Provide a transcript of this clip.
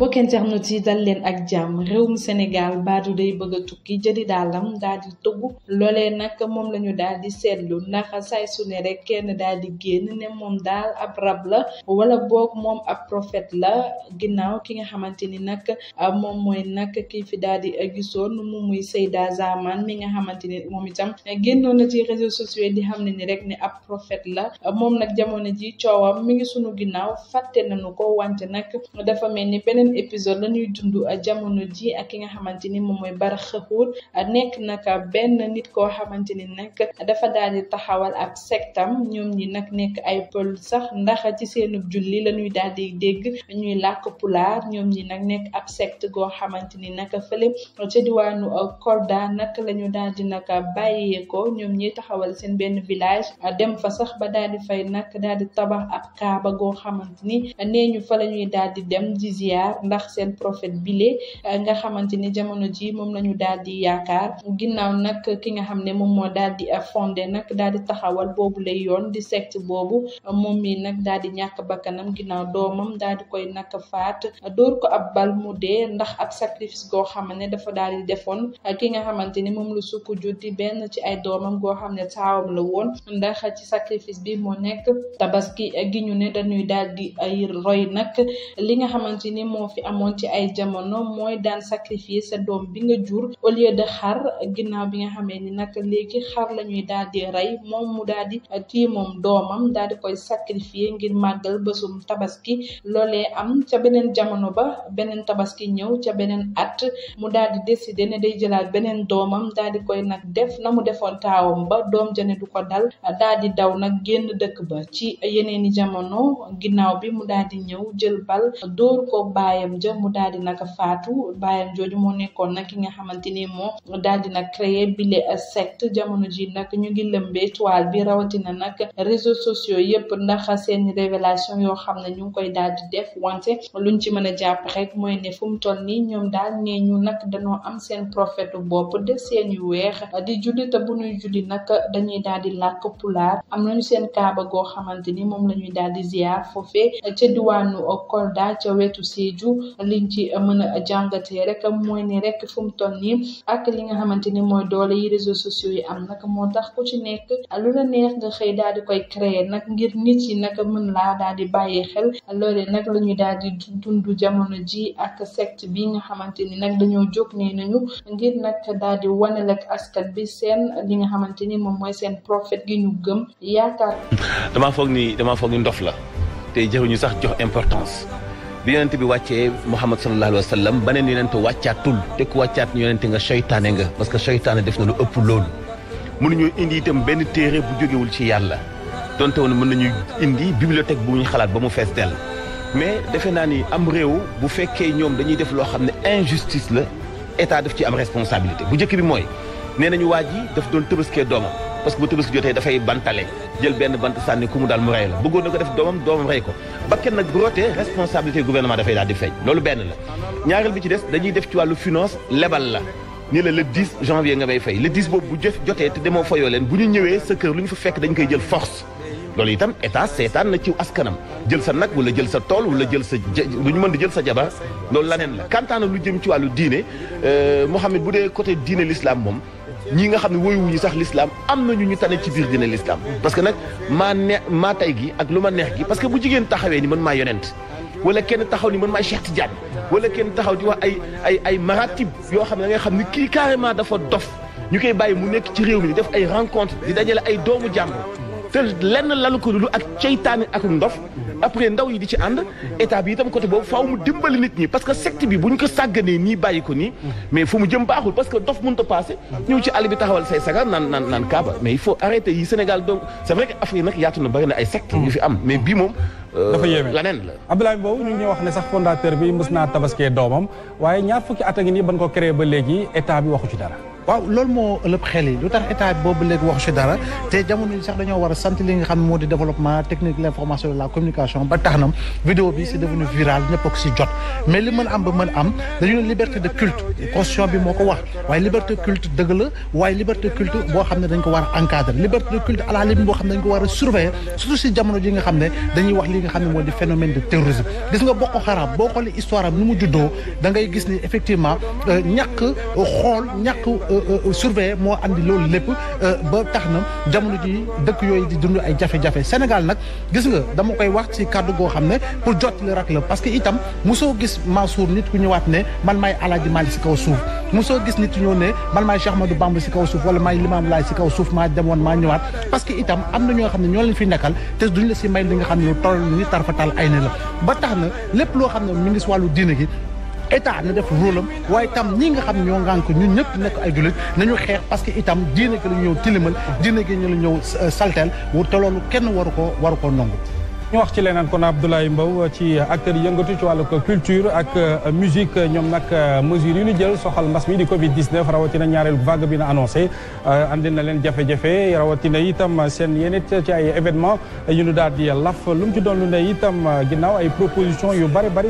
mbokk internet yi dal leen ak jàmm mu Sénégal baadu day bëgg a tukki jëli lam daal di tëggu loole nag moom lañu ñu daal di seetlu ndax saay su ne rek kenn daal di génn ne moom daal ab rab la wala boog moom ab prophète la ginnaaw ki nga xamante ni nag ah, moom mooy nag kii fi daal di gisoon mu muy Seyda Zaman mi nga xamante ni moom itam génnoon na ci réseaux sociaux yi di xam ne nii rek ne ab prophète la moom nag jamono ji coowam mi ngi sunu ginnaaw fàtte nañu ko wante beneen épisode la ñuy dund euh, jamono ji ak ki nga xamante ni moom mooy Bara Xëxuur euh, nekk nag benn nit koo xamante ni nag dafa daal di taxawal ab sectam ñoom ñi nag nekk ay pël sax ndax ci seenub julli la ñuy daal di dégg ñuy làkk ñoom ñi nak nekk ab secte goo xamante ni nag fële euh, ca diwaanu Kolda nag lañu ñu daal di nag bàyyeekoo ñoom ñi taxawal seen benn village dem fa sax ba daal di fay nag daal tabax ab kaaba goo xamante ni nee ñu fa la ñuy daal di dem di ndax seen prophète bile eh, nga xamante ni jamono ji moom la ñu daal di yaakaar ginnaaw nag ki nga xam ne moom moo daal di eh, fondé nag daal di taxawal boobu lay yoon di secte boobu eh, moom mi nag daal di ñàkk bakkanam ginnaaw doomam daal di koy nak faat dóor ko ab bal mu dee ndax ab sacrifice goo xam ne dafa daal di defoon ki nga xamante ni moom lu sukk juddi benn ci ay doomam goo xam ne taawam la woon ndax ci sacrifice bi moo nekk tabaski gi ñu ne dañuy daal di ay roy fi amoon ci ay jamono mooy daan sacrifier sa doom bi nga jur au lieu de xar ginnaaw bi nga xamee ni nag léegi xar la ñuy daal di rey moom mu daal di kii moom doomam daal di koy sacrifier ngir màggal bésum tabaski loolee am ca beneen jamono ba beneen tabaski ñëw ca beneen at mu daal di décider ne day jëlaat beneen doomam daal di koy nag def na mu defoon taawam ba doom jane du ko dal daal di daw nag génn dëkk ba ci yeneeni jamono ginnaaw bi mu daal di ñëw jël bal dóor ko bàyyi baayam ja mu daal di nag faatu baayam jooju moo nekkoon nag nga xamante ni moo daal di nag créé bile secte jamono ji nag ñu ngi lëmbee toile bi rawatina nag réseaux sociaux yëpp ndax seen révélation yoo xam ne ñu ngi koy daal di def wante luñ ci mën a jàpp rek mooy ne fu mu toll nii ñoom daal nee ñu nag dañoo am seen prophète bopp de seen yu weex di julli te bu ñuy julli nag dañuy daal di làkk pulaar am nañu seen kaaba goo xamante ni moom la dal di jiitu liñ ci mën a jàngatee rek mooy ni rek fu ton nii ak li nga xamante ni mooy doole yi réseaux sociaux yi am nag moo tax ku ci nekk lu la neex nga xëy daal di koy créer nag ngir nit yi nag mën laa daal di bàyyi xel loolee nag la daal di dund jamono ji ak secte bi nga xamante ni nag dañoo jóg nee nañu ngir nag daal di wanal ak askan bi seen li nga xamante ni moom mooy seen prophète gi ñu gëm yaakaar. dama foog ni dama foog ni ndof la te jaruñu sax jox importance. bi yonent bi wàccee Muhammad sallallahu alayhi wa sallam beneen yonent wàccaatul te ku wàccaat yonent nga soytaane nga parce que soytaane def na lu ëpp loolu mënuñoo indi itam benn téere bu jógewul ci yàlla donte woon mën nañu indi bibliothèque bu ñu xalaat ba mu fees dell mais defe naa ni am réew bu fekkee ñoom dañuy def loo xam ne injustice la état def ci am responsabilité bu njëkk bi mooy nee nañu waa ji daf doon tëbaskee doomam parce que bu tabaski jotee dafay bantale jël benn bant sànni ku mu daal mu rey la bëggoon na ko def doomam doomam rey ko bakkan nag bu rootee responsabilité gouvernement dafay daal di feeñ loolu benn la ñaareel bi ci des dañuy def ci wàllu finance lebal la ni la le 10 janvier nga may fay le 10 boobu bu jëf jotee te demoo fayoo leen bu ñu ñëwee sa kër lu ñu fa fekk dañ koy jël force loolu itam état seetaan na ci askanam jël sa nag wala jël sa tool wala jël sa lu ñu mën di jël sa jabar loolu laneen la kantaana lu jëm ci wàllu diine euh, Mohamed bu dee côté diine l'islam moom ñii nga xam ne woyuwuñu sax l'islam am na ñu ñu tane ci biir dina l'islam parce que nag ma maa tay gi ak lu ma neex gi parce que bu jigéen taxawee ni man maa yonent wala kenn taxaw ni man maay Cheikh Tidiane wala kenn taxaw di wax ay ay ay yoo xam ne da ngay xam ne kii carrément dafa dof ñu koy bàyyi mu nekk ci réew mi di def ay rencontre di dajale ay doomu jàmbur te lenn lalu ko dul ak ceytaane ak ndof après ndaw yi di ci ànd état yi itam côté boobu faaw mu dimbali nit ñi parce que sect bi bu ñu ko sàgganee nii bàyyi ko nii mais fu mu jëm baaxul parce que dof mënut a passé ñëw ci àll bi taxawal say sagar yi Sénégal donc c'est vrai que Afrique nag yaatu na bari na ay secte yu fi am mais bii moom euh, dafa yéeme laneen la Abdoulaye Mbow ñu ngi wax ne sax fondateur bi mës naa tabaskee doomam waaye ñaar fukki at a ngi nii ban ko créé ba léegi état bi waxu ci dara waaw loolu moo ëllëg xel yi lu tax état boobu léegi wax si dara te jamono yi sax dañoo war a sant li nga xam ne moo di développement technique l' information de la communication ba tax na vidéo bi c' est viral ñëpp ko si jot mais li mën am ba mën am dañu ne liberté de culte constitution bi moo ko wax waaye liberté culte dëgg la waaye liberté culte boo xam ne dañ ko war a encadrer liberté de culte à la limite boo xam ne dañ ko war a ne wax li nga xam ne moo di phénomène de terrorisme gis nga Boko Haram ngay gis ni effectivement euh, ñàkk xool ñàkk Euh, euh, euh, surveiller moo indi loolu lépp ba tax na jamono ji dëkk yooyu di dund ay jafe-jafe Sénégal nag gis nga dama koy wax ci kàddu goo xam ne pour jot li rak la parce que itam mosoo gis Mansour nit ku ñëwaat ne man maay Alaaji Maalik si kaw suuf mosoo gis nit ñoo ne man maay Cheikh Ahmadou Bamba si kaw suuf wala maay Limaam Laay ci kaw suuf maa jamono maa ñëwaat parce que itam am na ñoo xam ne ñoo leen fi nekkal te duñ si may li nga xam ne toll ni tarfatal ay ne la ba tax na lépp loo xam ne mi ngi si wàllu diine gi état na def rôle am waaye itam ñi nga xam ñoo ngànk ñun ñëpp nekk ay jullit nañu xeex parce que itam diine gi la ñëw tilimal diine gi la ñëw euh, salteel wu te kenn waru ko waru ko nangu ñu wax ci leneen kon Abdoulaye Mbow euh, ci acteurs yi yëngatu ci wàllu culture ak euh, musique ñoom nag mesures yi ñu jël soxal mbas mi di Covid 19 rawatina ñaareelu vague bi na annoncé andi na leen jafe-jafe rawatina itam seen yenit ci ay événement yu nu daal di laf lu mu ci doon lu ne itam ginnaaw ay proposition yu bari bari.